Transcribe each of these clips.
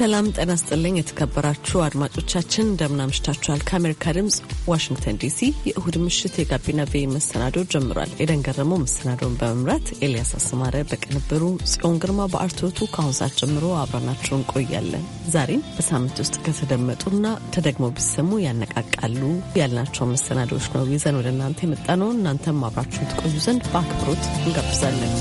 ሰላም ጤና ይስጥልኝ። የተከበራችሁ አድማጮቻችን እንደምን አምሽታችኋል? ከአሜሪካ ድምፅ ዋሽንግተን ዲሲ የእሁድ ምሽት የጋቢና ቤ መሰናዶ ጀምሯል። ኤደን ገረመው መሰናዶውን በመምራት ኤልያስ አስማረ በቅንብሩ፣ ጽዮን ግርማ በአርትዖቱ ከአሁን ሰዓት ጀምሮ አብረናችሁ እንቆያለን። ዛሬም በሳምንት ውስጥ ከተደመጡና ተደግሞ ቢሰሙ ያነቃቃሉ ያልናቸው መሰናዶዎች ነው ይዘን ወደ እናንተ የመጣነው። እናንተም አብራችሁን ትቆዩ ዘንድ በአክብሮት እንጋብዛለን።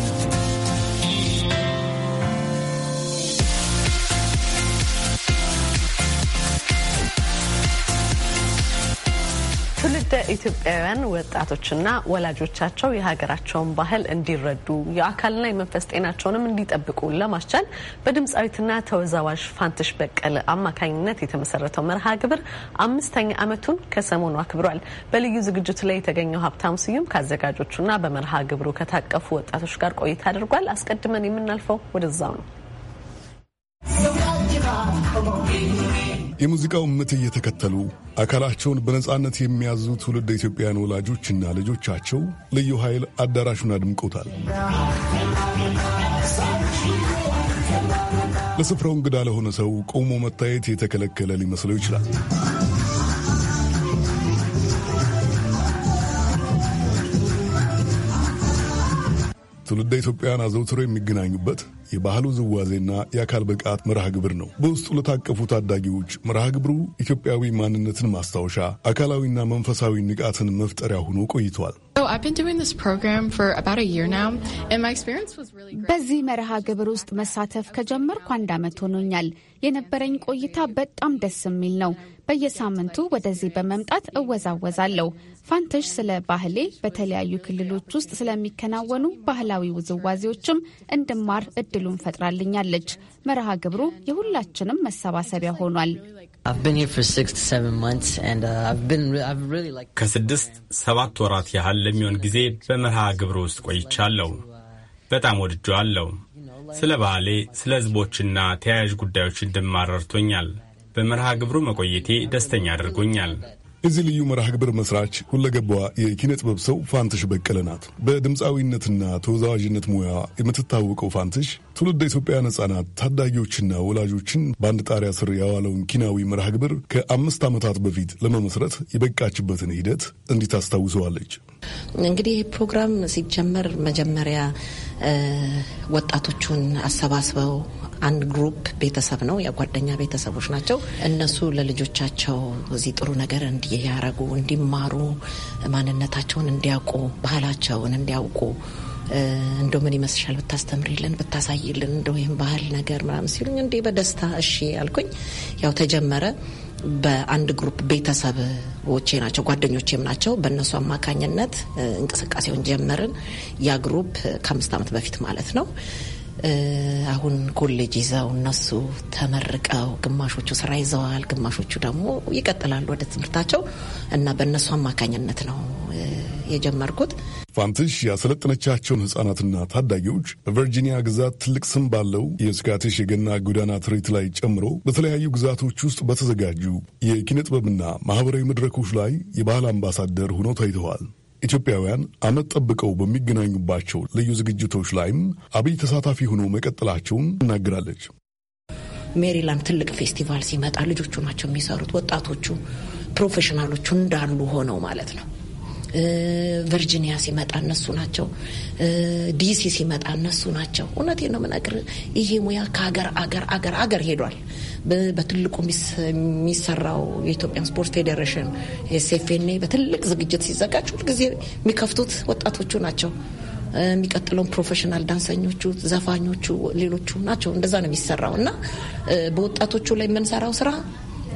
ትውልደ ኢትዮጵያውያን ወጣቶችና ወላጆቻቸው የሀገራቸውን ባህል እንዲረዱ የአካልና የመንፈስ ጤናቸውንም እንዲጠብቁ ለማስቻል በድምፃዊትና ተወዛዋዥ ፋንትሽ በቀለ አማካኝነት የተመሰረተው መርሃ ግብር አምስተኛ ዓመቱን ከሰሞኑ አክብሯል። በልዩ ዝግጅቱ ላይ የተገኘው ሀብታሙ ስዩም ከአዘጋጆቹና በመርሃ ግብሩ ከታቀፉ ወጣቶች ጋር ቆይታ አድርጓል። አስቀድመን የምናልፈው ወደዛው ነው። የሙዚቃውን ምት እየተከተሉ አካላቸውን በነፃነት የሚያዙ ትውልድ ኢትዮጵያውያን ወላጆችና ልጆቻቸው ልዩ ኃይል አዳራሹን አድምቆታል። ለስፍራው እንግዳ ለሆነ ሰው ቆሞ መታየት የተከለከለ ሊመስለው ይችላል። ትውልደ ኢትዮጵያውያን አዘውትረው የሚገናኙበት የባህል ውዝዋዜና የአካል ብቃት መርሃ ግብር ነው። በውስጡ ለታቀፉ ታዳጊዎች መርሃ ግብሩ ኢትዮጵያዊ ማንነትን ማስታወሻ፣ አካላዊና መንፈሳዊ ንቃትን መፍጠሪያ ሆኖ ቆይቷል። በዚህ መርሃ ግብር ውስጥ መሳተፍ ከጀመርኩ አንድ ዓመት ሆኖኛል። የነበረኝ ቆይታ በጣም ደስ የሚል ነው። በየሳምንቱ ወደዚህ በመምጣት እወዛወዛለሁ። ፋንተሽ ስለ ባህሌ፣ በተለያዩ ክልሎች ውስጥ ስለሚከናወኑ ባህላዊ ውዝዋዜዎችም እንድማር እድሉን ፈጥራልኛለች። መርሃ ግብሩ የሁላችንም መሰባሰቢያ ሆኗል። uh, ከስድስት ሰባት ወራት ያህል ለሚሆን ጊዜ በመርሃ ግብሩ ውስጥ ቆይቻለሁ። በጣም ወድጄዋለሁ። ስለ ባህሌ፣ ስለ ህዝቦችና ተያያዥ ጉዳዮች እንድማር ረድቶኛል። በመርሃ ግብሩ መቆየቴ ደስተኛ አድርጎኛል። እዚህ ልዩ መርሃ ግብር መስራች ሁለገቧ የኪነ ጥበብ ሰው ፋንትሽ በቀለ ናት። በድምፃዊነትና ተወዛዋዥነት ሙያ የምትታወቀው ፋንትሽ ትውልደ ኢትዮጵያውያን ሕጻናት ታዳጊዎችና ወላጆችን በአንድ ጣሪያ ስር ያዋለውን ኪናዊ መርሃ ግብር ከአምስት ዓመታት በፊት ለመመስረት የበቃችበትን ሂደት እንዲት አስታውሰዋለች። እንግዲህ ይህ ፕሮግራም ሲጀመር መጀመሪያ ወጣቶቹን አሰባስበው አንድ ግሩፕ ቤተሰብ ነው፣ የጓደኛ ቤተሰቦች ናቸው። እነሱ ለልጆቻቸው እዚህ ጥሩ ነገር እንዲያረጉ፣ እንዲማሩ፣ ማንነታቸውን እንዲያውቁ፣ ባህላቸውን እንዲያውቁ እንደ ምን ይመስልሻል ብታስተምሪልን ብታሳይልን እንደ ወይም ባህል ነገር ምናምን ሲሉኝ እንዴ በደስታ እሺ ያልኩኝ ያው ተጀመረ። በአንድ ግሩፕ ቤተሰቦቼ ናቸው ጓደኞቼም ናቸው። በእነሱ አማካኝነት እንቅስቃሴውን ጀመርን። ያ ግሩፕ ከአምስት ዓመት በፊት ማለት ነው። አሁን ኮሌጅ ይዘው እነሱ ተመርቀው ግማሾቹ ስራ ይዘዋል፣ ግማሾቹ ደግሞ ይቀጥላሉ ወደ ትምህርታቸው እና በእነሱ አማካኝነት ነው የጀመርኩት። ፋንትሽ ያሰለጠነቻቸውን ህጻናትና ታዳጊዎች በቨርጂኒያ ግዛት ትልቅ ስም ባለው የስካቲሽ የገና ጎዳና ትርኢት ላይ ጨምሮ በተለያዩ ግዛቶች ውስጥ በተዘጋጁ የኪነ ጥበብና ማህበራዊ መድረኮች ላይ የባህል አምባሳደር ሆነው ታይተዋል። ኢትዮጵያውያን ዓመት ጠብቀው በሚገናኙባቸው ልዩ ዝግጅቶች ላይም አብይ ተሳታፊ ሆኖ መቀጠላቸውን ትናገራለች። ሜሪላንድ ትልቅ ፌስቲቫል ሲመጣ ልጆቹ ናቸው የሚሰሩት፣ ወጣቶቹ ፕሮፌሽናሎቹ እንዳሉ ሆነው ማለት ነው። ቨርጂኒያ ሲመጣ እነሱ ናቸው፣ ዲሲ ሲመጣ እነሱ ናቸው። እውነቴን ነው የምነግርህ። ይሄ ሙያ ከሀገር አገር አገር አገር ሄዷል። በትልቁ የሚሰራው የኢትዮጵያን ስፖርት ፌዴሬሽን ኤስኤፍኔ በትልቅ ዝግጅት ሲዘጋጅ ሁልጊዜ የሚከፍቱት ወጣቶቹ ናቸው። የሚቀጥለውን ፕሮፌሽናል ዳንሰኞቹ፣ ዘፋኞቹ፣ ሌሎቹ ናቸው። እንደዛ ነው የሚሰራው እና በወጣቶቹ ላይ የምንሰራው ስራ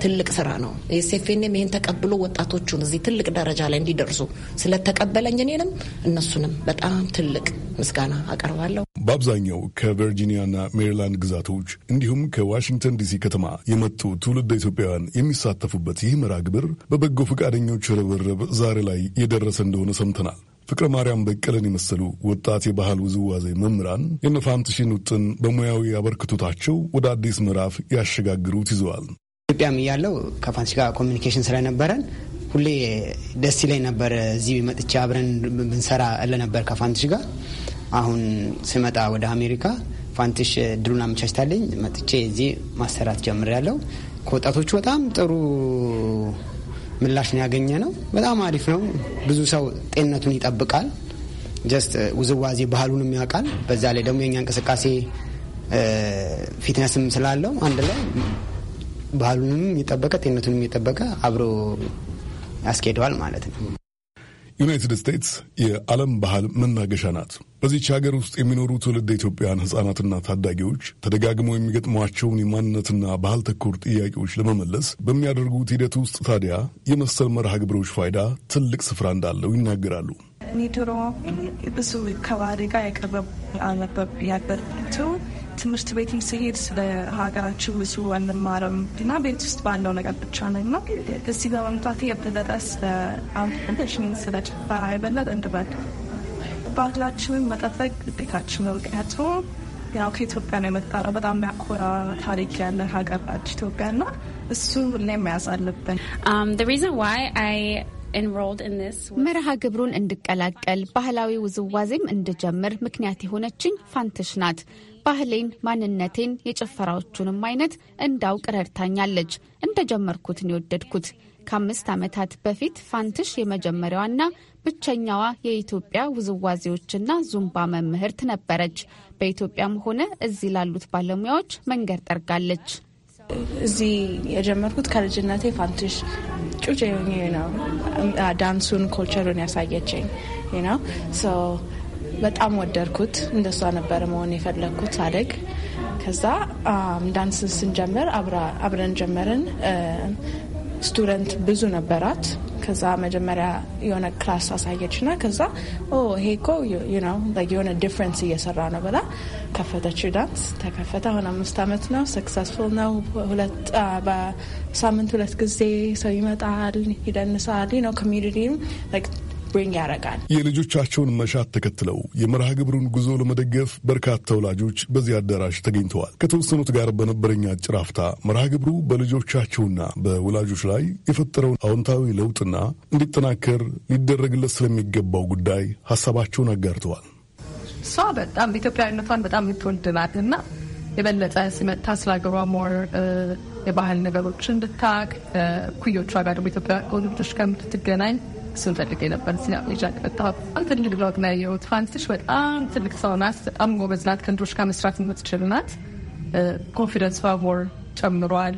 ትልቅ ስራ ነው። ኤስኤፍኤንም ይህን ተቀብሎ ወጣቶቹን እዚህ ትልቅ ደረጃ ላይ እንዲደርሱ ስለተቀበለኝ እኔንም እነሱንም በጣም ትልቅ ምስጋና አቀርባለሁ። በአብዛኛው ከቨርጂኒያና ሜሪላንድ ግዛቶች እንዲሁም ከዋሽንግተን ዲሲ ከተማ የመጡ ትውልደ ኢትዮጵያውያን የሚሳተፉበት ይህ መርሃ ግብር በበጎ ፈቃደኞች ርብርብ ዛሬ ላይ የደረሰ እንደሆነ ሰምተናል። ፍቅረ ማርያም በቀለን የመሰሉ ወጣት የባህል ውዝዋዜ መምህራን የነፋንትሽን ውጥን በሙያዊ አበርክቶታቸው ወደ አዲስ ምዕራፍ ያሸጋግሩት ይዘዋል። ኢትዮጵያም እያለው ከፋንሲ ጋር ኮሚኒኬሽን ስለነበረን ሁሌ ደስ ይለኝ ነበር። እዚህ መጥቼ አብረን ብንሰራ ለነበር ከፋንትሽ ጋር። አሁን ስመጣ ወደ አሜሪካ ፋንትሽ ድሉን አመቻችታለኝ መጥቼ እዚህ ማሰራት ጀምሬያለሁ። ከወጣቶቹ በጣም ጥሩ ምላሽ ነው ያገኘ ነው። በጣም አሪፍ ነው። ብዙ ሰው ጤንነቱን ይጠብቃል። ጀስት ውዝዋዜ ባህሉንም ያውቃል። በዛ ላይ ደግሞ የኛ እንቅስቃሴ ፊትነስም ስላለው አንድ ላይ ባህሉንም የጠበቀ ጤንነቱንም የጠበቀ አብሮ ያስኬደዋል ማለት ነው። ዩናይትድ ስቴትስ የዓለም ባህል መናገሻ ናት። በዚች ሀገር ውስጥ የሚኖሩ ትውልድ ኢትዮጵያን ሕጻናትና ታዳጊዎች ተደጋግመው የሚገጥሟቸውን የማንነትና ባህል ተኮር ጥያቄዎች ለመመለስ በሚያደርጉት ሂደት ውስጥ ታዲያ የመሰል መርሃ ግብሮች ፋይዳ ትልቅ ስፍራ እንዳለው ይናገራሉ። እኔ ድሮ ብዙ ከባህሪ ጋር የቀረብ አልነበብ ያበርቱ ትምህርት ቤት ስሄድ ስለ ሀገራችን ብዙ አንማርም እና ቤት ውስጥ ባለው ነገር ብቻ ነኝ ነው። እዚህ በመምጣቴ የበለጠ ስለ አንሽን ስለ ጭፈራ የበለጠ እንድበል ባህላችንን መጠበቅ ግዴታችን ነው። ምክንያቱም ያው ከኢትዮጵያ ነው የመጣነው። በጣም የሚያኮራ ታሪክ ያለ ሀገር ናት ኢትዮጵያ እና እሱ ሁሌ መያዝ አለብን። um, መርሃ ግብሩን እንድቀላቀል ባህላዊ ውዝዋዜም እንድጀምር ምክንያት የሆነችኝ ፋንትሽ ናት። ባህሌን፣ ማንነቴን፣ የጭፈራዎቹንም አይነት እንዳውቅ ረድታኛለች። እንደ ጀመርኩትን የወደድኩት። ከአምስት ዓመታት በፊት ፋንትሽ የመጀመሪያዋና ብቸኛዋ የኢትዮጵያ ውዝዋዜዎችና ዙምባ መምህርት ነበረች። በኢትዮጵያም ሆነ እዚህ ላሉት ባለሙያዎች መንገድ ጠርጋለች። እዚህ የጀመርኩት ከልጅነቴ ፋንትሽ ጩጭ ነው ዳንሱን ኮልቸሩን ያሳየችኝ ነው በጣም ወደድኩት። እንደሷ ነበር መሆን የፈለግኩት አደግ ከዛ ዳንስ ስንጀምር አብረን ጀመርን። ስቱደንት ብዙ ነበራት። ከዛ መጀመሪያ የሆነ ክላስ አሳየች ና ከዛ ይሄ እኮ የሆነ ዲፍረንስ እየሰራ ነው ብላ ከፈተች። ዳንስ ተከፈተ። አሁን አምስት ዓመት ነው። ሰክሰስፉል ነው። በሳምንት ሁለት ጊዜ ሰው ይመጣል፣ ይደንሳል ነው ኮሚኒቲም ብሪንግ ያደርጋል። የልጆቻቸውን መሻት ተከትለው የመርሃ ግብሩን ጉዞ ለመደገፍ በርካታ ወላጆች በዚህ አዳራሽ ተገኝተዋል። ከተወሰኑት ጋር በነበረኝ አጭር አፍታ መርሃ ግብሩ በልጆቻቸውና በወላጆች ላይ የፈጠረውን አዎንታዊ ለውጥና እንዲጠናከር ሊደረግለት ስለሚገባው ጉዳይ ሀሳባቸውን አጋርተዋል። እሷ በጣም ኢትዮጵያዊነቷን በጣም የምትወድ ናት እና የበለጠ ሲመጣ ስለ ሀገሯ ሞር የባህል ነገሮች እንድታቅ ኩዮቿ ጋር ደግሞ ኢትዮጵያ ከምትገናኝ እሱን ፈልጌ ነበር። ሲ ጃ መጣ በጣም ትልቅ ለውጥ ነው ያየሁት። ፋንትሽ በጣም ትልቅ ሰው ናት። በጣም ጎበዝ ከንዶች ጋር መስራት የምትችል ናት። ኮንፊደንስ ሞር ጨምሯል።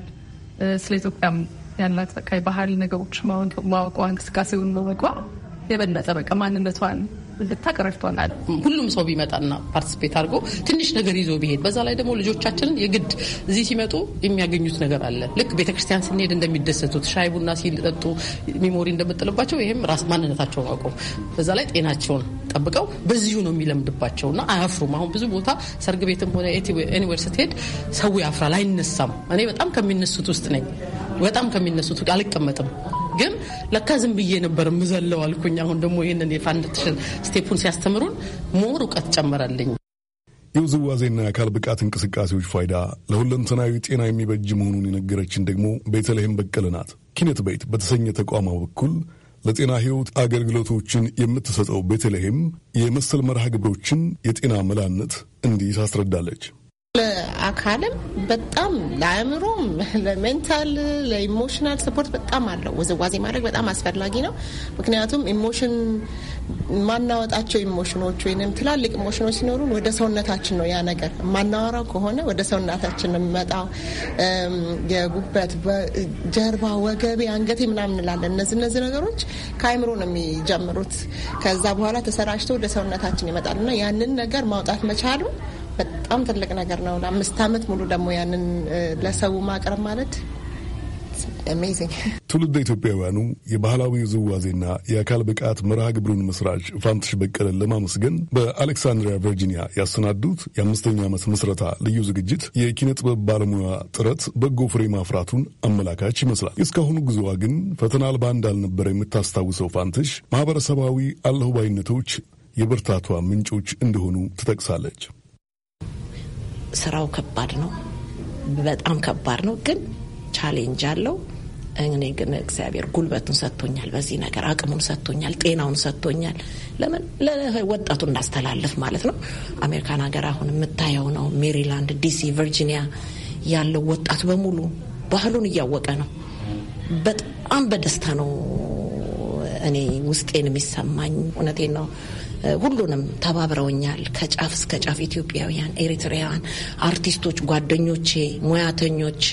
ስለ ኢትዮጵያም ያላት በቃ የባህል ነገሮች ማወቋ እንቅስቃሴውን መመቋ የበለጠ በቃ ማንነቷን ልታቅ ረድቷል። ሁሉም ሰው ቢመጣና ፓርቲስፔት አድርጎ ትንሽ ነገር ይዞ ቢሄድ፣ በዛ ላይ ደግሞ ልጆቻችንን የግድ እዚህ ሲመጡ የሚያገኙት ነገር አለ። ልክ ቤተክርስቲያን ስንሄድ እንደሚደሰቱት ሻይ ቡና ሲጠጡ ሚሞሪ እንደምጥልባቸው ይህም ራስ ማንነታቸውን አውቀው በዛ ላይ ጤናቸውን ጠብቀው በዚሁ ነው የሚለምድባቸው እና አያፍሩም። አሁን ብዙ ቦታ ሰርግ ቤትም ሆነ ኤኒዌር ስትሄድ ሰው ያፍራል፣ አይነሳም። እኔ በጣም ከሚነሱት ውስጥ ነኝ። በጣም ከሚነሱት አልቀመጥም። ግን ለካ ዝም ብዬ ነበር ምዘለው አልኩኝ። አሁን ደግሞ ይህንን የፋንድትሽን ስቴፑን ሲያስተምሩን ሞር እውቀት ጨመረልኝ። የውዝዋዜና የአካል ብቃት እንቅስቃሴዎች ፋይዳ ለሁለንተናዊ ጤና የሚበጅ መሆኑን የነገረችን ደግሞ ቤተልሔም በቀለ ናት። ኪነት ቤት በተሰኘ ተቋማ በኩል ለጤና ሕይወት አገልግሎቶችን የምትሰጠው ቤተልሔም የመሰል መርሃ ግብሮችን የጤና መላነት እንዲህ ታስረዳለች። ለአካልም በጣም ለአእምሮም፣ ለሜንታል ለኢሞሽናል ሰፖርት በጣም አለው። ውዝዋዜ ማድረግ በጣም አስፈላጊ ነው። ምክንያቱም ኢሞሽን ማናወጣቸው ኢሞሽኖች ወይም ትላልቅ ኢሞሽኖች ሲኖሩን ወደ ሰውነታችን ነው ያ ነገር ማናወራው ከሆነ ወደ ሰውነታችን ነው የሚመጣው። የጉበት፣ ጀርባ፣ ወገቤ፣ አንገቴ ምናምን እንላለን። እነዚህ እነዚህ ነገሮች ከአእምሮ ነው የሚጀምሩት። ከዛ በኋላ ተሰራጭተው ወደ ሰውነታችን ይመጣል እና ያንን ነገር ማውጣት መቻሉ በጣም ትልቅ ነገር ነው። ለአምስት ዓመት ሙሉ ደግሞ ያንን ለሰው ማቅረብ ማለት ትውልደ ኢትዮጵያውያኑ የባህላዊ ውዝዋዜና የአካል ብቃት መርሃ ግብሩን መስራች ፋንትሽ በቀለን ለማመስገን በአሌክሳንድሪያ ቨርጂኒያ ያሰናዱት የአምስተኛ ዓመት ምስረታ ልዩ ዝግጅት የኪነ ጥበብ ባለሙያ ጥረት በጎ ፍሬ ማፍራቱን አመላካች ይመስላል። እስካሁኑ ጉዞዋ ግን ፈተና አልባ እንዳልነበረ የምታስታውሰው ፋንትሽ ማህበረሰባዊ አለሁባይነቶች የብርታቷ ምንጮች እንደሆኑ ትጠቅሳለች። ስራው ከባድ ነው፣ በጣም ከባድ ነው፣ ግን ቻሌንጅ አለው። እኔ ግን እግዚአብሔር ጉልበቱን ሰጥቶኛል፣ በዚህ ነገር አቅሙን ሰጥቶኛል፣ ጤናውን ሰጥቶኛል። ለምን ለወጣቱ እናስተላልፍ ማለት ነው። አሜሪካን ሀገር አሁን የምታየው ነው። ሜሪላንድ፣ ዲሲ፣ ቨርጂኒያ ያለው ወጣት በሙሉ ባህሉን እያወቀ ነው። በጣም በደስታ ነው እኔ ውስጤን የሚሰማኝ። እውነቴን ነው። ሁሉንም ተባብረውኛል። ከጫፍ እስከ ጫፍ ኢትዮጵያውያን፣ ኤሪትሪያውያን፣ አርቲስቶች፣ ጓደኞቼ፣ ሙያተኞች፣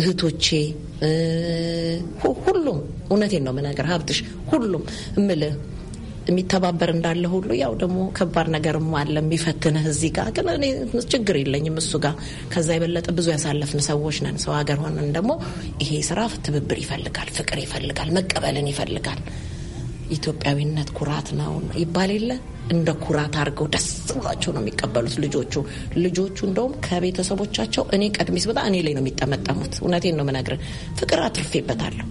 እህቶቼ ሁሉም እውነቴን ነው የምነግርህ ሀብትሽ ሁሉም እምልህ የሚተባበር እንዳለ ሁሉ ያው ደግሞ ከባድ ነገርም አለ የሚፈትንህ። እዚህ ጋር ግን እኔ ችግር የለኝም እሱ ጋር ከዛ የበለጠ ብዙ ያሳለፍን ሰዎች ነን። ሰው ሀገር ሆነን ደግሞ ይሄ ስራ ትብብር ይፈልጋል፣ ፍቅር ይፈልጋል፣ መቀበልን ይፈልጋል። ኢትዮጵያዊነት ኩራት ነው ይባል የለ እንደ ኩራት አድርገው ደስ ብሏቸው ነው የሚቀበሉት ልጆቹ። ልጆቹ እንደውም ከቤተሰቦቻቸው እኔ ቀድሚስ በጣም እኔ ላይ ነው የሚጠመጠሙት። እውነቴን ነው የምነግርህ፣ ፍቅር አትርፌበታለሁ።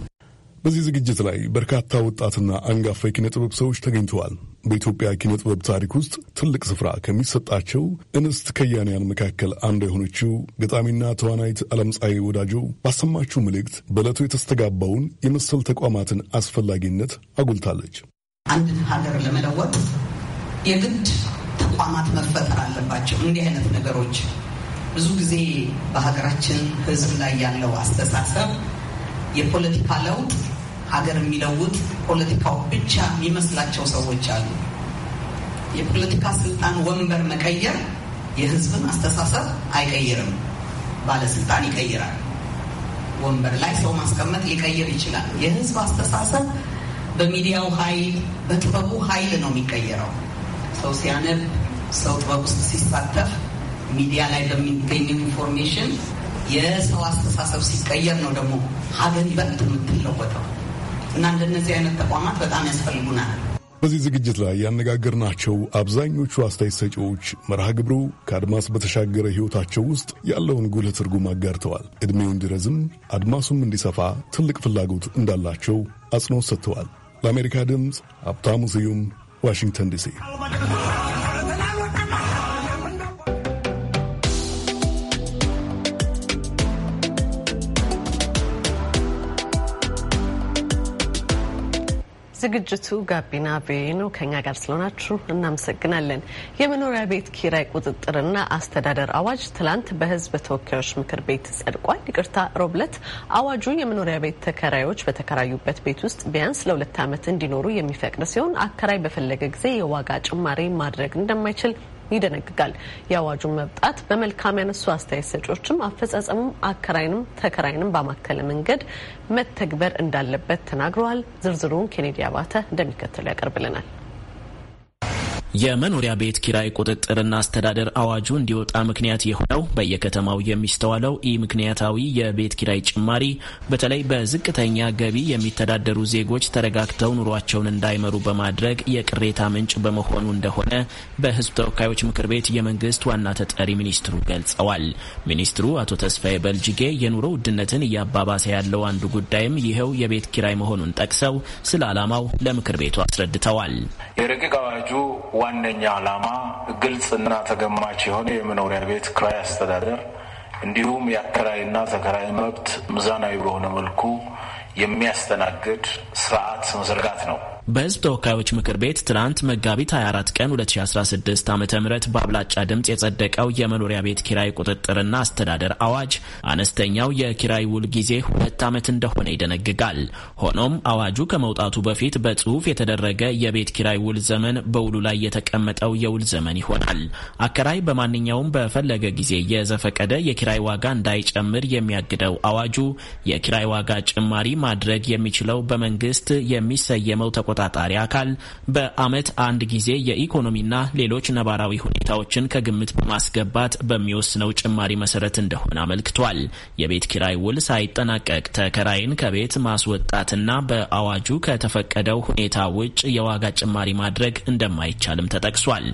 በዚህ ዝግጅት ላይ በርካታ ወጣትና አንጋፋ የኪነ ጥበብ ሰዎች ተገኝተዋል። በኢትዮጵያ ኪነ ጥበብ ታሪክ ውስጥ ትልቅ ስፍራ ከሚሰጣቸው እንስት ከያንያን መካከል አንዷ የሆነችው ገጣሚና ተዋናይት ዓለምፀሐይ ወዳጆ ባሰማችው መልእክት በዕለቱ የተስተጋባውን የመሰል ተቋማትን አስፈላጊነት አጉልታለች። አንድን ሀገር ለመለወጥ የግድ ተቋማት መፈጠር አለባቸው። እንዲህ አይነት ነገሮች ብዙ ጊዜ በሀገራችን ሕዝብ ላይ ያለው አስተሳሰብ የፖለቲካ ለውጥ ሀገር የሚለውጥ ፖለቲካው ብቻ የሚመስላቸው ሰዎች አሉ። የፖለቲካ ስልጣን ወንበር መቀየር የህዝብን አስተሳሰብ አይቀይርም። ባለስልጣን ይቀይራል። ወንበር ላይ ሰው ማስቀመጥ ሊቀይር ይችላል። የህዝብ አስተሳሰብ በሚዲያው ኃይል፣ በጥበቡ ኃይል ነው የሚቀየረው። ሰው ሲያነብ፣ ሰው ጥበብ ውስጥ ሲሳተፍ፣ ሚዲያ ላይ በሚገኝ ኢንፎርሜሽን የሰው አስተሳሰብ ሲቀየር ነው ደግሞ ሀገር ይበልጥ የምትለወጠው። እና እንደነዚህ አይነት ተቋማት በጣም ያስፈልጉናል። በዚህ ዝግጅት ላይ ያነጋገርናቸው አብዛኞቹ አስተያየት ሰጪዎች መርሃ ግብሩ ከአድማስ በተሻገረ ሕይወታቸው ውስጥ ያለውን ጉልህ ትርጉም አጋርተዋል። ዕድሜው እንዲረዝም አድማሱም እንዲሰፋ ትልቅ ፍላጎት እንዳላቸው አጽንኦት ሰጥተዋል። ለአሜሪካ ድምፅ ሀብታሙ ስዩም ዋሽንግተን ዲሲ ዝግጅቱ ጋቢና ቪኦኤ ነው። ከኛ ጋር ስለሆናችሁ እናመሰግናለን። የመኖሪያ ቤት ኪራይ ቁጥጥርና አስተዳደር አዋጅ ትላንት በሕዝብ ተወካዮች ምክር ቤት ጸድቋል። ይቅርታ ሮብለት አዋጁ የመኖሪያ ቤት ተከራዮች በተከራዩበት ቤት ውስጥ ቢያንስ ለሁለት ዓመት እንዲኖሩ የሚፈቅድ ሲሆን አከራይ በፈለገ ጊዜ የዋጋ ጭማሪ ማድረግ እንደማይችል ይደነግጋል። የአዋጁ መብጣት በመልካም ያነሱ አስተያየት ሰጮችም አፈጻጸሙም አከራይንም ተከራይንም ባማከለ መንገድ መተግበር እንዳለበት ተናግረዋል። ዝርዝሩን ኬኔዲ አባተ እንደሚከተሉ ያቀርብልናል። የመኖሪያ ቤት ኪራይ ቁጥጥርና አስተዳደር አዋጁ እንዲወጣ ምክንያት የሆነው በየከተማው የሚስተዋለው ኢ ምክንያታዊ የቤት ኪራይ ጭማሪ በተለይ በዝቅተኛ ገቢ የሚተዳደሩ ዜጎች ተረጋግተው ኑሯቸውን እንዳይመሩ በማድረግ የቅሬታ ምንጭ በመሆኑ እንደሆነ በሕዝብ ተወካዮች ምክር ቤት የመንግስት ዋና ተጠሪ ሚኒስትሩ ገልጸዋል። ሚኒስትሩ አቶ ተስፋዬ በልጅጌ የኑሮ ውድነትን እያባባሰ ያለው አንዱ ጉዳይም ይኸው የቤት ኪራይ መሆኑን ጠቅሰው ስለ ዓላማው ለምክር ቤቱ አስረድተዋል። የረቂቅ አዋጁ ዋነኛ ዓላማ ግልጽና ተገማች የሆነ የመኖሪያ ቤት ክራይ አስተዳደር እንዲሁም የአከራይና ተከራይ መብት ሚዛናዊ በሆነ መልኩ የሚያስተናግድ ስርዓት መዘርጋት ነው። በህዝብ ተወካዮች ምክር ቤት ትናንት መጋቢት 24 ቀን 2016 ዓ ም በአብላጫ ድምፅ የጸደቀው የመኖሪያ ቤት ኪራይ ቁጥጥርና አስተዳደር አዋጅ አነስተኛው የኪራይ ውል ጊዜ ሁለት ዓመት እንደሆነ ይደነግጋል። ሆኖም አዋጁ ከመውጣቱ በፊት በጽሑፍ የተደረገ የቤት ኪራይ ውል ዘመን በውሉ ላይ የተቀመጠው የውል ዘመን ይሆናል። አከራይ በማንኛውም በፈለገ ጊዜ የዘፈቀደ የኪራይ ዋጋ እንዳይጨምር የሚያግደው አዋጁ የኪራይ ዋጋ ጭማሪ ማድረግ የሚችለው በመንግስት የሚሰየመው ተቆ ተቆጣጣሪ አካል በዓመት አንድ ጊዜ የኢኮኖሚና ሌሎች ነባራዊ ሁኔታዎችን ከግምት በማስገባት በሚወስነው ጭማሪ መሰረት እንደሆነ አመልክቷል። የቤት ኪራይ ውል ሳይጠናቀቅ ተከራይን ከቤት ማስወጣትና በአዋጁ ከተፈቀደው ሁኔታ ውጭ የዋጋ ጭማሪ ማድረግ እንደማይቻልም ተጠቅሷል።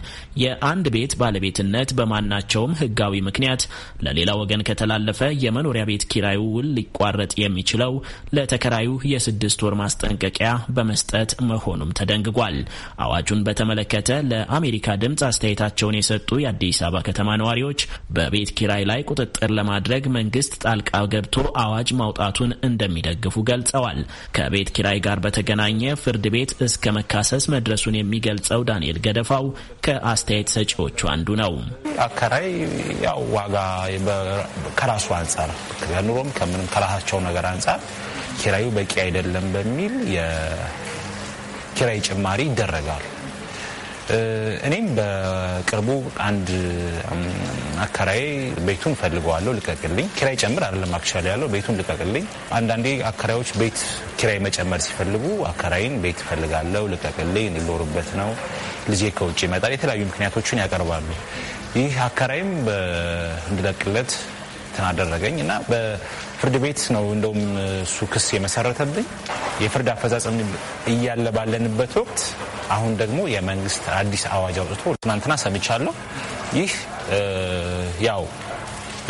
የአንድ ቤት ባለቤትነት በማናቸውም ህጋዊ ምክንያት ለሌላ ወገን ከተላለፈ የመኖሪያ ቤት ኪራዩ ውል ሊቋረጥ የሚችለው ለተከራዩ የስድስት ወር ማስጠንቀቂያ በመስጠት መሆኑም ተደንግጓል። አዋጁን በተመለከተ ለአሜሪካ ድምፅ አስተያየታቸውን የሰጡ የአዲስ አበባ ከተማ ነዋሪዎች በቤት ኪራይ ላይ ቁጥጥር ለማድረግ መንግስት ጣልቃ ገብቶ አዋጅ ማውጣቱን እንደሚደግፉ ገልጸዋል። ከቤት ኪራይ ጋር በተገናኘ ፍርድ ቤት እስከ መካሰስ መድረሱን የሚገልጸው ዳንኤል ገደፋው ከአስተያየት ሰጪዎቹ አንዱ ነው። አከራይ ያው ዋጋ ከራሱ አንጻር ከኑሮም ከምንም ከራሳቸው ነገር አንጻር ኪራዩ በቂ አይደለም በሚል ኪራይ ጭማሪ ይደረጋል። እኔም በቅርቡ አንድ አከራዬ ቤቱን ፈልገዋለሁ ልቀቅልኝ፣ ኪራይ ጨምር አይደለም አክቹዋሊ ያለው ቤቱን ልቀቅልኝ። አንዳንዴ አከራዮች ቤት ኪራይ መጨመር ሲፈልጉ አከራይን ቤት ፈልጋለሁ ልቀቅልኝ፣ ልኖርበት ነው፣ ልጄ ከውጭ ይመጣል፣ የተለያዩ ምክንያቶችን ያቀርባሉ። ይህ አከራይም እንድለቅለት ተናደረገኝ እና ፍርድ ቤት ነው እንደውም እሱ ክስ የመሰረተብኝ የፍርድ አፈጻጸም እያለ ባለንበት ወቅት አሁን ደግሞ የመንግስት አዲስ አዋጅ አውጥቶ ትናንትና ሰምቻለሁ። ይህ ያው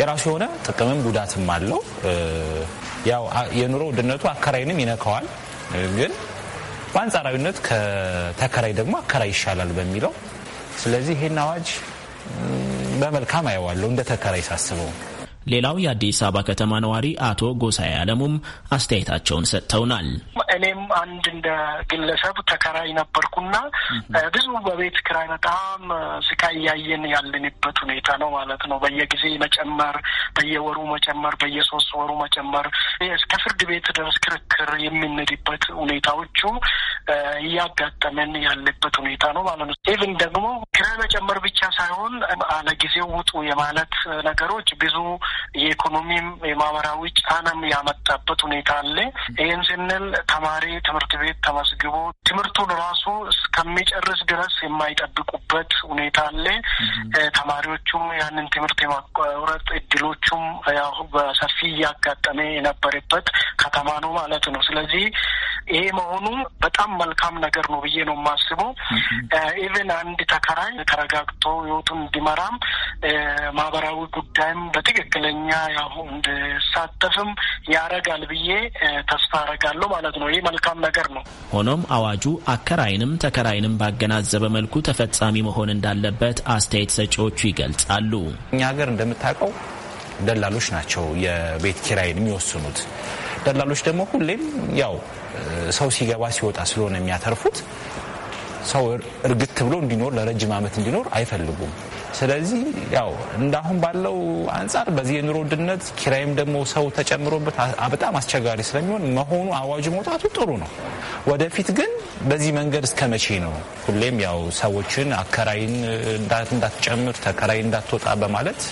የራሱ የሆነ ጥቅምም ጉዳትም አለው። ያው የኑሮ ውድነቱ አከራይንም ይነካዋል። ግን በአንጻራዊነት ከተከራይ ደግሞ አከራይ ይሻላል በሚለው ስለዚህ ይህን አዋጅ በመልካም አየዋለሁ እንደ ተከራይ ሳስበው ሌላው የአዲስ አበባ ከተማ ነዋሪ አቶ ጎሳኤ አለሙም አስተያየታቸውን ሰጥተውናል። እኔም አንድ እንደ ግለሰብ ተከራይ ነበርኩና ብዙ በቤት ክራይ በጣም ስቃይ እያየን ያለንበት ሁኔታ ነው ማለት ነው። በየጊዜ መጨመር፣ በየወሩ መጨመር፣ በየሶስት ወሩ መጨመር፣ እስከ ፍርድ ቤት ድረስ ክርክር የምንድበት ሁኔታዎቹ እያጋጠመን ያለበት ሁኔታ ነው ማለት ነው። ኢቭን ደግሞ ክራይ መጨመር ብቻ ሳይሆን አለጊዜው ውጡ የማለት ነገሮች ብዙ የኢኮኖሚም የማህበራዊ ጫናም ያመጣበት ሁኔታ አለ። ይህን ስንል ተማሪ ትምህርት ቤት ተመዝግቦ ትምህርቱን ራሱ እስከሚጨርስ ድረስ የማይጠብቁበት ሁኔታ አለ። ተማሪዎቹም ያንን ትምህርት የማቋረጥ እድሎቹም ያው በሰፊ እያጋጠመ የነበረበት ከተማ ነው ማለት ነው። ስለዚህ ይሄ መሆኑ በጣም መልካም ነገር ነው ብዬ ነው የማስበው። ኢቨን አንድ ተከራይ ተረጋግቶ ህይወቱን እንዲመራም ማህበራዊ ጉዳይም በትክክለኛ ያው እንድሳተፍም ያረጋል ብዬ ተስፋ አረጋለሁ ማለት ነው። ይህ መልካም ነገር ነው። ሆኖም አዋጁ አከራይንም ተከራይንም ባገናዘበ መልኩ ተፈጻሚ መሆን እንዳለበት አስተያየት ሰጪዎቹ ይገልጻሉ። እኛ ሀገር እንደምታውቀው ደላሎች ናቸው የቤት ኪራይን የሚወስኑት። ደላሎች ደግሞ ሁሌም ያው ሰው ሲገባ ሲወጣ ስለሆነ የሚያተርፉት ሰው እርግት ብሎ እንዲኖር ለረጅም ዓመት እንዲኖር አይፈልጉም። ስለዚህ ያው እንዳሁን ባለው አንጻር በዚህ የኑሮ ውድነት ኪራይም ደግሞ ሰው ተጨምሮበት በጣም አስቸጋሪ ስለሚሆን መሆኑ አዋጁ መውጣቱ ጥሩ ነው። ወደፊት ግን በዚህ መንገድ እስከ መቼ ነው? ሁሌም ያው ሰዎችን አከራይን እንዳትጨምር፣ ተከራይ እንዳትወጣ በማለት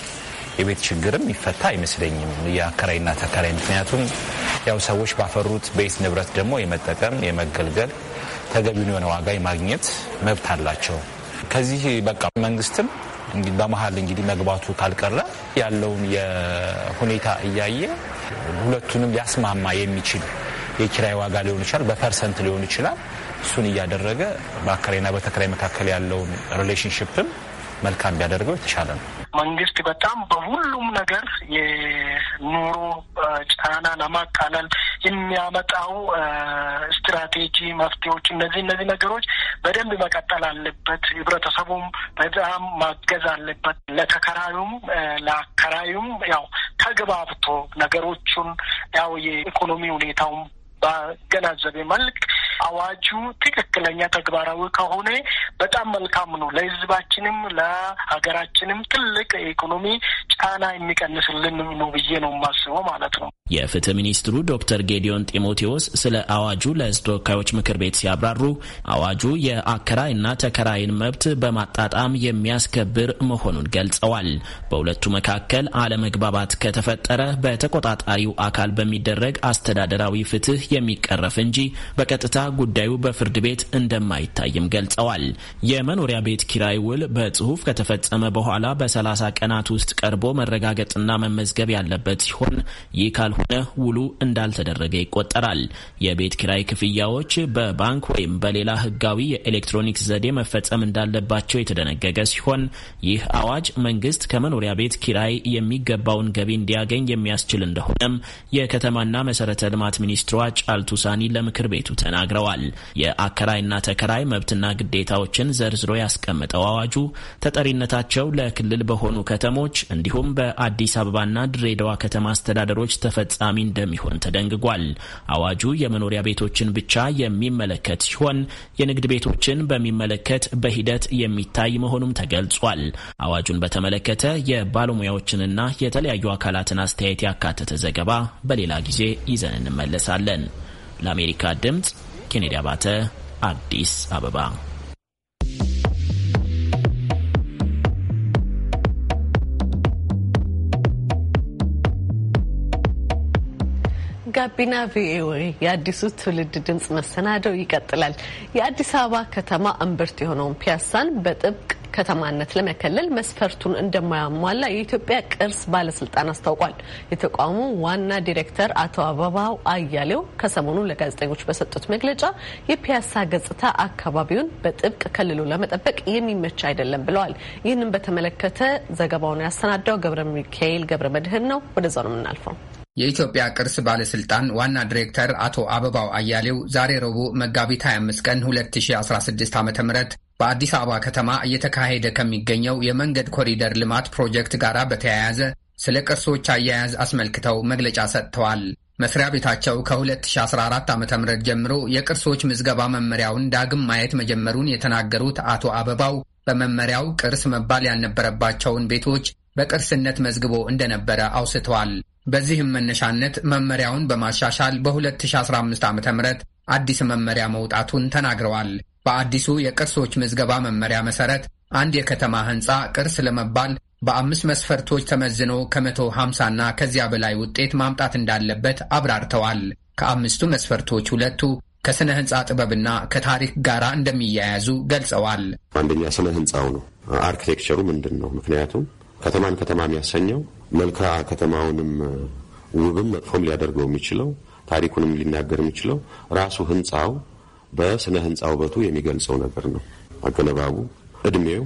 የቤት ችግርም ይፈታ አይመስለኝም የአከራይና ተከራይ ምክንያቱም ያው ሰዎች ባፈሩት ቤት ንብረት ደግሞ የመጠቀም የመገልገል ተገቢውን የሆነ ዋጋ የማግኘት መብት አላቸው። ከዚህ በቃ መንግስትም በመሀል እንግዲህ መግባቱ ካልቀረ ያለውን የሁኔታ እያየ ሁለቱንም ሊያስማማ የሚችል የኪራይ ዋጋ ሊሆን ይችላል፣ በፐርሰንት ሊሆን ይችላል። እሱን እያደረገ በአከራይና በተከራይ መካከል ያለውን ሪሌሽንሽፕም መልካም ቢያደርገው የተሻለ ነው። መንግስት በጣም በሁሉም ነገር የኑሮ ጫና ለማቃለል የሚያመጣው ስትራቴጂ መፍትሄዎች፣ እነዚህ እነዚህ ነገሮች በደንብ መቀጠል አለበት። ህብረተሰቡም በጣም ማገዝ አለበት። ለተከራዩም ለአከራዩም ያው ተግባብቶ ነገሮቹን ያው የኢኮኖሚ ሁኔታውም ባገናዘበ መልክ አዋጁ ትክክለኛ ተግባራዊ ከሆነ በጣም መልካም ነው። ለህዝባችንም ለሀገራችንም ትልቅ የኢኮኖሚ ጫና የሚቀንስልን ነው ብዬ ነው የማስበው ማለት ነው። የፍትህ ሚኒስትሩ ዶክተር ጌዲዮን ጢሞቴዎስ ስለ አዋጁ ለህዝብ ተወካዮች ምክር ቤት ሲያብራሩ አዋጁ የአከራይና ተከራይን መብት በማጣጣም የሚያስከብር መሆኑን ገልጸዋል። በሁለቱ መካከል አለመግባባት ከተፈጠረ በተቆጣጣሪው አካል በሚደረግ አስተዳደራዊ ፍትህ የሚቀረፍ እንጂ በቀጥታ ጉዳዩ በፍርድ ቤት እንደማይታይም ገልጸዋል። የመኖሪያ ቤት ኪራይ ውል በጽሁፍ ከተፈጸመ በኋላ በ30 ቀናት ውስጥ ቀርቦ መረጋገጥና መመዝገብ ያለበት ሲሆን ይህ ካልሆነ ውሉ እንዳልተደረገ ይቆጠራል። የቤት ኪራይ ክፍያዎች በባንክ ወይም በሌላ ህጋዊ የኤሌክትሮኒክስ ዘዴ መፈጸም እንዳለባቸው የተደነገገ ሲሆን ይህ አዋጅ መንግስት ከመኖሪያ ቤት ኪራይ የሚገባውን ገቢ እንዲያገኝ የሚያስችል እንደሆነም የከተማና መሰረተ ልማት ሚኒስትሯ ጫልቱ ሳኒ ለምክር ቤቱ ተናግረዋል። የአከራይና ተከራይ መብትና ግዴታዎችን ዘርዝሮ ያስቀመጠው አዋጁ ተጠሪነታቸው ለክልል በሆኑ ከተሞች እንዲሁም ሁሉም በአዲስ አበባና ድሬዳዋ ከተማ አስተዳደሮች ተፈጻሚ እንደሚሆን ተደንግጓል። አዋጁ የመኖሪያ ቤቶችን ብቻ የሚመለከት ሲሆን የንግድ ቤቶችን በሚመለከት በሂደት የሚታይ መሆኑም ተገልጿል። አዋጁን በተመለከተ የባለሙያዎችንና የተለያዩ አካላትን አስተያየት ያካተተ ዘገባ በሌላ ጊዜ ይዘን እንመለሳለን። ለአሜሪካ ድምፅ ኬኔዲ አባተ አዲስ አበባ ጋቢና ቪኦኤ የአዲሱ ትውልድ ድምጽ መሰናደው ይቀጥላል። የአዲስ አበባ ከተማ እምብርት የሆነውን ፒያሳን በጥብቅ ከተማነት ለመከለል መስፈርቱን እንደማያሟላ የኢትዮጵያ ቅርስ ባለስልጣን አስታውቋል። የተቋሙ ዋና ዲሬክተር አቶ አበባው አያሌው ከሰሞኑ ለጋዜጠኞች በሰጡት መግለጫ የፒያሳ ገጽታ አካባቢውን በጥብቅ ከልሎ ለመጠበቅ የሚመች አይደለም ብለዋል። ይህንን በተመለከተ ዘገባውን ያሰናዳው ገብረ ሚካኤል ገብረ መድህን ነው። ወደዛ ነው የምናልፈው። የኢትዮጵያ ቅርስ ባለስልጣን ዋና ዲሬክተር አቶ አበባው አያሌው ዛሬ ረቡዕ መጋቢት 25 ቀን 2016 ዓ ም በአዲስ አበባ ከተማ እየተካሄደ ከሚገኘው የመንገድ ኮሪደር ልማት ፕሮጀክት ጋር በተያያዘ ስለ ቅርሶች አያያዝ አስመልክተው መግለጫ ሰጥተዋል። መስሪያ ቤታቸው ከ2014 ዓ ም ጀምሮ የቅርሶች ምዝገባ መመሪያውን ዳግም ማየት መጀመሩን የተናገሩት አቶ አበባው በመመሪያው ቅርስ መባል ያልነበረባቸውን ቤቶች በቅርስነት መዝግቦ እንደነበረ አውስተዋል። በዚህም መነሻነት መመሪያውን በማሻሻል በ2015 ዓ ም አዲስ መመሪያ መውጣቱን ተናግረዋል። በአዲሱ የቅርሶች ምዝገባ መመሪያ መሰረት አንድ የከተማ ህንፃ ቅርስ ለመባል በአምስት መስፈርቶች ተመዝኖ ከመቶ ሃምሳና ከዚያ በላይ ውጤት ማምጣት እንዳለበት አብራርተዋል። ከአምስቱ መስፈርቶች ሁለቱ ከሥነ ህንፃ ጥበብና ከታሪክ ጋር እንደሚያያዙ ገልጸዋል። አንደኛ ስነ ህንፃው ነው። አርኪቴክቸሩ ምንድን ነው? ምክንያቱም ከተማን ከተማ የሚያሰኘው መልክዓ ከተማውንም ውብም መጥፎም ሊያደርገው የሚችለው ታሪኩንም ሊናገር የሚችለው ራሱ ህንፃው በስነ ህንፃ ውበቱ የሚገልጸው ነገር ነው። አገነባቡ፣ እድሜው፣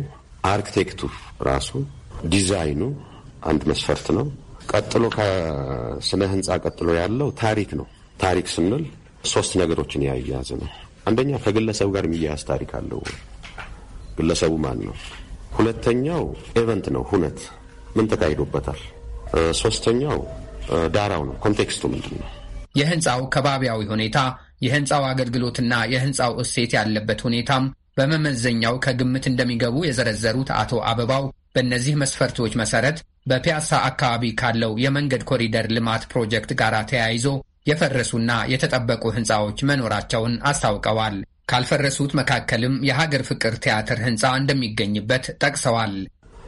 አርክቴክቱ ራሱ ዲዛይኑ አንድ መስፈርት ነው። ቀጥሎ ከስነ ህንፃ ቀጥሎ ያለው ታሪክ ነው። ታሪክ ስንል ሶስት ነገሮችን ያያዝ ነው። አንደኛ ከግለሰቡ ጋር የሚያያዝ ታሪክ አለው። ግለሰቡ ማን ነው? ሁለተኛው ኤቨንት ነው፣ ሁነት ምን ተካሂዶበታል? ሶስተኛው ዳራው ነው። ኮንቴክስቱ ምንድን ነው? የህንፃው ከባቢያዊ ሁኔታ፣ የህንፃው አገልግሎትና የህንፃው እሴት ያለበት ሁኔታም በመመዘኛው ከግምት እንደሚገቡ የዘረዘሩት አቶ አበባው በእነዚህ መስፈርቶች መሰረት በፒያሳ አካባቢ ካለው የመንገድ ኮሪደር ልማት ፕሮጀክት ጋር ተያይዞ የፈረሱና የተጠበቁ ህንፃዎች መኖራቸውን አስታውቀዋል። ካልፈረሱት መካከልም የሀገር ፍቅር ቲያትር ህንፃ እንደሚገኝበት ጠቅሰዋል።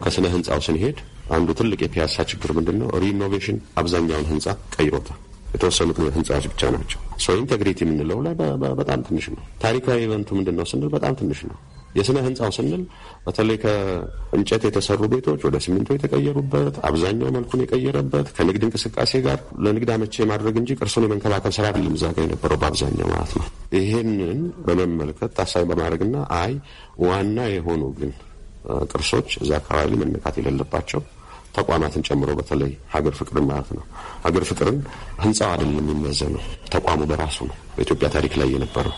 ከስነ ህንፃው ስንሄድ አንዱ ትልቅ የፒያሳ ችግር ምንድን ነው? ሪኖቬሽን አብዛኛውን ህንጻ ቀይሮታል። የተወሰኑት ህንጻዎች ብቻ ናቸው። ሶ ኢንቴግሪቲ የምንለው ላይ በጣም ትንሽ ነው። ታሪካዊ ኢቨንቱ ምንድን ነው ስንል በጣም ትንሽ ነው። የስነ ህንፃው ስንል በተለይ ከእንጨት የተሰሩ ቤቶች ወደ ሲሚንቶ የተቀየሩበት አብዛኛው መልኩን የቀየረበት ከንግድ እንቅስቃሴ ጋር ለንግድ አመቼ የማድረግ እንጂ ቅርሱን የመንከባከብ ስራ አይደለም እዛ የነበረው በአብዛኛው ማለት ነው። ይህንን በመመልከት ታሳቢ በማድረግና አይ ዋና የሆኑ ግን ቅርሶች እዛ አካባቢ መነካት የሌለባቸው ተቋማትን ጨምሮ በተለይ ሀገር ፍቅር ማለት ነው። ሀገር ፍቅርን ህንፃው አይደለም የሚመዘ ነው፣ ተቋሙ በራሱ ነው በኢትዮጵያ ታሪክ ላይ የነበረው።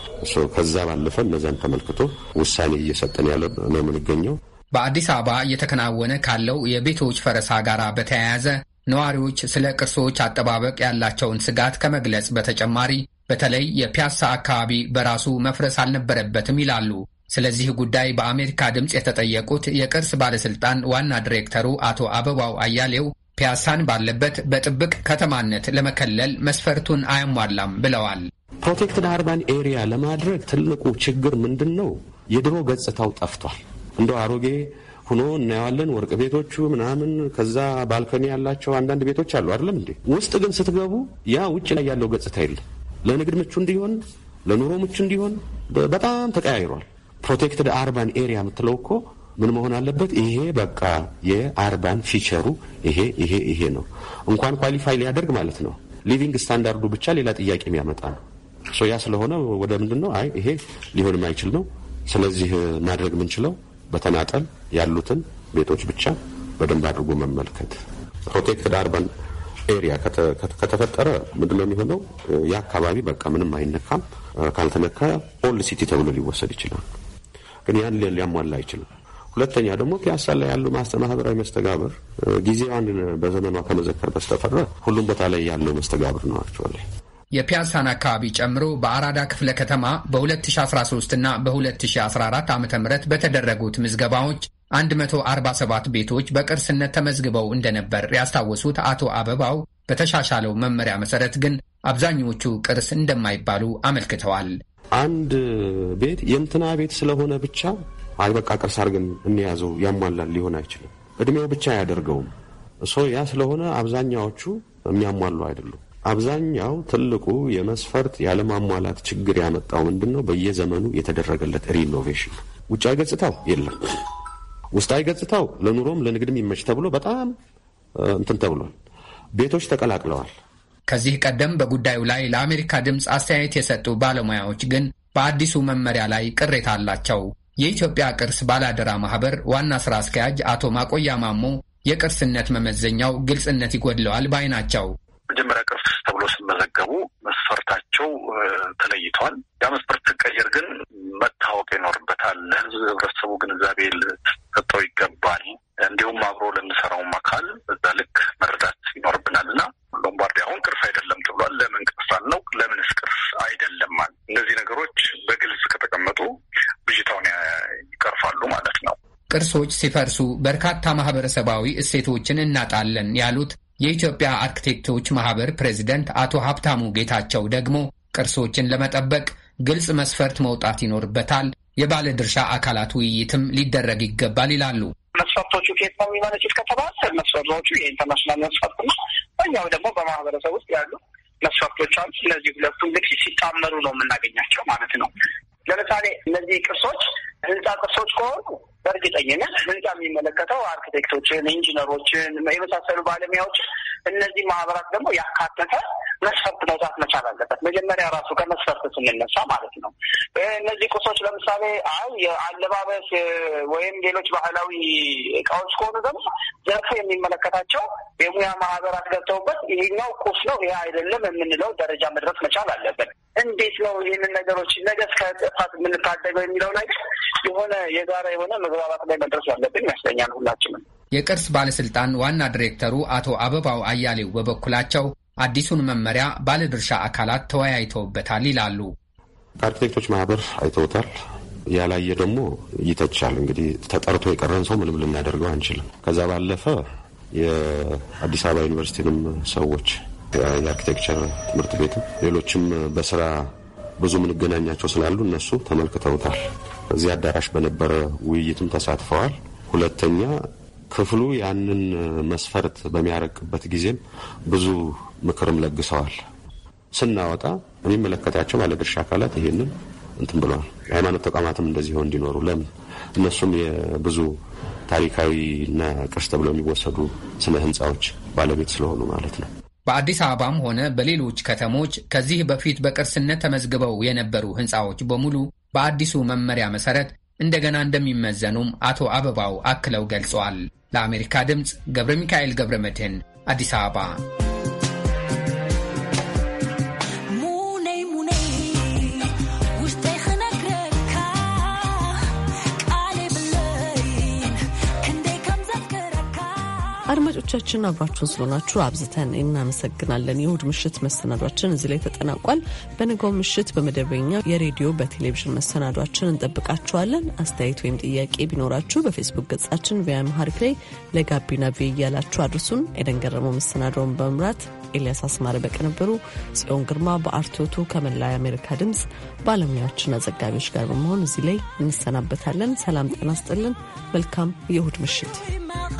ከዛ ባለፈ እነዚያን ተመልክቶ ውሳኔ እየሰጠን ያለ ነው የምንገኘው። በአዲስ አበባ እየተከናወነ ካለው የቤቶች ፈረሳ ጋር በተያያዘ ነዋሪዎች ስለ ቅርሶች አጠባበቅ ያላቸውን ስጋት ከመግለጽ በተጨማሪ በተለይ የፒያሳ አካባቢ በራሱ መፍረስ አልነበረበትም ይላሉ። ስለዚህ ጉዳይ በአሜሪካ ድምፅ የተጠየቁት የቅርስ ባለስልጣን ዋና ዲሬክተሩ አቶ አበባው አያሌው ፒያሳን ባለበት በጥብቅ ከተማነት ለመከለል መስፈርቱን አያሟላም ብለዋል። ፕሮቴክትድ አርባን ኤሪያ ለማድረግ ትልቁ ችግር ምንድን ነው? የድሮ ገጽታው ጠፍቷል። እንደው አሮጌ ሁኖ እናየዋለን። ወርቅ ቤቶቹ ምናምን፣ ከዛ ባልኮኒ ያላቸው አንዳንድ ቤቶች አሉ አይደለም እንዴ? ውስጥ ግን ስትገቡ ያ ውጭ ላይ ያለው ገጽታ የለም። ለንግድ ምቹ እንዲሆን፣ ለኑሮ ምቹ እንዲሆን በጣም ተቀያይሯል። ፕሮቴክትድ አርባን ኤሪያ የምትለው እኮ ምን መሆን አለበት? ይሄ በቃ የአርባን ፊቸሩ ይሄ ይሄ ይሄ ነው። እንኳን ኳሊፋይ ሊያደርግ ማለት ነው። ሊቪንግ ስታንዳርዱ ብቻ ሌላ ጥያቄ የሚያመጣ ነው። ያ ስለሆነ ወደ ምንድን ነው? አይ ይሄ ሊሆን የማይችል ነው። ስለዚህ ማድረግ የምንችለው በተናጠል ያሉትን ቤቶች ብቻ በደንብ አድርጎ መመልከት። ፕሮቴክትድ አርባን ኤሪያ ከተፈጠረ ነው የሚሆነው? አካባቢ በቃ ምንም አይነካም። ካልተነካ ኦልድ ሲቲ ተብሎ ሊወሰድ ይችላል። ግን ያን ሊያሟላ አይችልም። ሁለተኛ ደግሞ ፒያሳ ላይ ያሉ ማህበራዊ መስተጋብር ጊዜው አንድ በዘመኗ ከመዘከር በስተፈረ ሁሉም ቦታ ላይ ያለው መስተጋብር ነው አክቹዋሊ የፒያሳን አካባቢ ጨምሮ በአራዳ ክፍለ ከተማ በ2013 እና በ2014 ዓ ም በተደረጉት ምዝገባዎች 147 ቤቶች በቅርስነት ተመዝግበው እንደነበር ያስታወሱት አቶ አበባው በተሻሻለው መመሪያ መሰረት ግን አብዛኞቹ ቅርስ እንደማይባሉ አመልክተዋል። አንድ ቤት የእንትና ቤት ስለሆነ ብቻ አይ በቃ ቅርስ አድርገን እንያዘው ያሟላል ሊሆን አይችልም። እድሜው ብቻ አያደርገውም። እሶ ያ ስለሆነ አብዛኛዎቹ የሚያሟሉ አይደሉም። አብዛኛው ትልቁ የመስፈርት ያለማሟላት ችግር ያመጣው ምንድን ነው? በየዘመኑ የተደረገለት ሪኖቬሽን ውጫዊ ገጽታው የለም። ውስጣዊ ገጽታው ለኑሮም ለንግድም ይመች ተብሎ በጣም እንትን ተብሏል። ቤቶች ተቀላቅለዋል። ከዚህ ቀደም በጉዳዩ ላይ ለአሜሪካ ድምፅ አስተያየት የሰጡ ባለሙያዎች ግን በአዲሱ መመሪያ ላይ ቅሬታ አላቸው። የኢትዮጵያ ቅርስ ባላደራ ማህበር ዋና ስራ አስኪያጅ አቶ ማቆያ ማሞ የቅርስነት መመዘኛው ግልጽነት ይጎድለዋል ባይ ናቸው። መጀመሪያ ቅርስ ተብሎ ሲመዘገቡ መስፈርታቸው ተለይቷል። ያ መስፈርት ሲቀየር ግን መታወቅ ይኖርበታል። ለህዝብ ህብረተሰቡ ግንዛቤ ልሰጠው ይገባል። እንዲሁም አብሮ ለሚሰራውም አካል ቅርሶች ሲፈርሱ በርካታ ማህበረሰባዊ እሴቶችን እናጣለን ያሉት የኢትዮጵያ አርክቴክቶች ማህበር ፕሬዚደንት አቶ ሀብታሙ ጌታቸው ደግሞ ቅርሶችን ለመጠበቅ ግልጽ መስፈርት መውጣት ይኖርበታል፣ የባለድርሻ አካላት ውይይትም ሊደረግ ይገባል ይላሉ። መስፈርቶቹ ከየት ነው የሚመነጩት ከተባለ መስፈርቶቹ የኢንተርናሽናል መስፈርት ነው። እኛው ደግሞ በማህበረሰብ ውስጥ ያሉ መስፈርቶች አሉ። እነዚህ ሁለቱ እንግዲህ ሲጣመሩ ነው የምናገኛቸው ማለት ነው። ለምሳሌ እነዚህ ቅርሶች ህንፃ ቅርሶች ከሆኑ በእርግጠኝነት ህንፃ የሚመለከተው አርኪቴክቶችን፣ ኢንጂነሮችን የመሳሰሉ ባለሙያዎችን እነዚህ ማህበራት ደግሞ ያካተተ መስፈርት መውጣት መቻል አለበት። መጀመሪያ ራሱ ከመስፈርት ስንነሳ ማለት ነው። እነዚህ ቁሶች ለምሳሌ አይ የአለባበስ ወይም ሌሎች ባህላዊ እቃዎች ከሆኑ ደግሞ ዘርፉ የሚመለከታቸው የሙያ ማህበራት ገብተውበት ይህኛው ቁስ ነው ይህ አይደለም የምንለው ደረጃ መድረስ መቻል አለበት። እንዴት ነው ይህንን ነገሮች ነገ እስከ ጥፋት የምንታደገው የሚለው ነገር የሆነ የጋራ የሆነ መግባባት ላይ መድረስ ያለብን ይመስለኛል ሁላችንም። የቅርስ ባለስልጣን ዋና ዲሬክተሩ አቶ አበባው አያሌው በበኩላቸው አዲሱን መመሪያ ባለድርሻ አካላት ተወያይተውበታል ይላሉ። ከአርኪቴክቶች ማህበር አይተውታል። ያላየ ደግሞ ይተቻል። እንግዲህ ተጠርቶ የቀረን ሰው ምንም ልናደርገው አንችልም። ከዛ ባለፈ የአዲስ አበባ ዩኒቨርሲቲንም ሰዎች የአርኪቴክቸር ትምህርት ቤትም ሌሎችም በስራ ብዙ ምንገናኛቸው ስላሉ እነሱ ተመልክተውታል። እዚህ አዳራሽ በነበረ ውይይትም ተሳትፈዋል። ሁለተኛ ክፍሉ ያንን መስፈርት በሚያረቅበት ጊዜም ብዙ ምክርም ለግሰዋል። ስናወጣ የሚመለከታቸው ባለድርሻ አካላት ይሄንን እንትን ብለዋል። የሃይማኖት ተቋማትም እንደዚህ እንዲኖሩ ለምን እነሱም የብዙ ታሪካዊና ቅርስ ተብለው የሚወሰዱ ስነ ህንፃዎች ባለቤት ስለሆኑ ማለት ነው። በአዲስ አበባም ሆነ በሌሎች ከተሞች ከዚህ በፊት በቅርስነት ተመዝግበው የነበሩ ህንፃዎች በሙሉ በአዲሱ መመሪያ መሰረት እንደገና እንደሚመዘኑም አቶ አበባው አክለው ገልጸዋል። ለአሜሪካ ድምፅ ገብረ ሚካኤል ገብረ መድህን አዲስ አበባ አድማጮቻችን አብራችሁን ስለሆናችሁ አብዝተን እናመሰግናለን። የእሁድ ምሽት መሰናዷችን እዚህ ላይ ተጠናቋል። በንጋው ምሽት በመደበኛ የሬዲዮ በቴሌቪዥን መሰናዷችን እንጠብቃችኋለን። አስተያየት ወይም ጥያቄ ቢኖራችሁ በፌስቡክ ገጻችን ቪኦኤ ላይ ለጋቢና ቪ እያላችሁ አድርሱን። ኤደን ገረመው መሰናዶውን በመምራት ኤልያስ አስማረ በቅንብሩ፣ ጽዮን ግርማ በአርቶቱ ከመላ የአሜሪካ ድምፅ ባለሙያዎችና ዘጋቢዎች ጋር በመሆን እዚህ ላይ እንሰናበታለን። ሰላም ጤና ስጥልን። መልካም የእሁድ ምሽት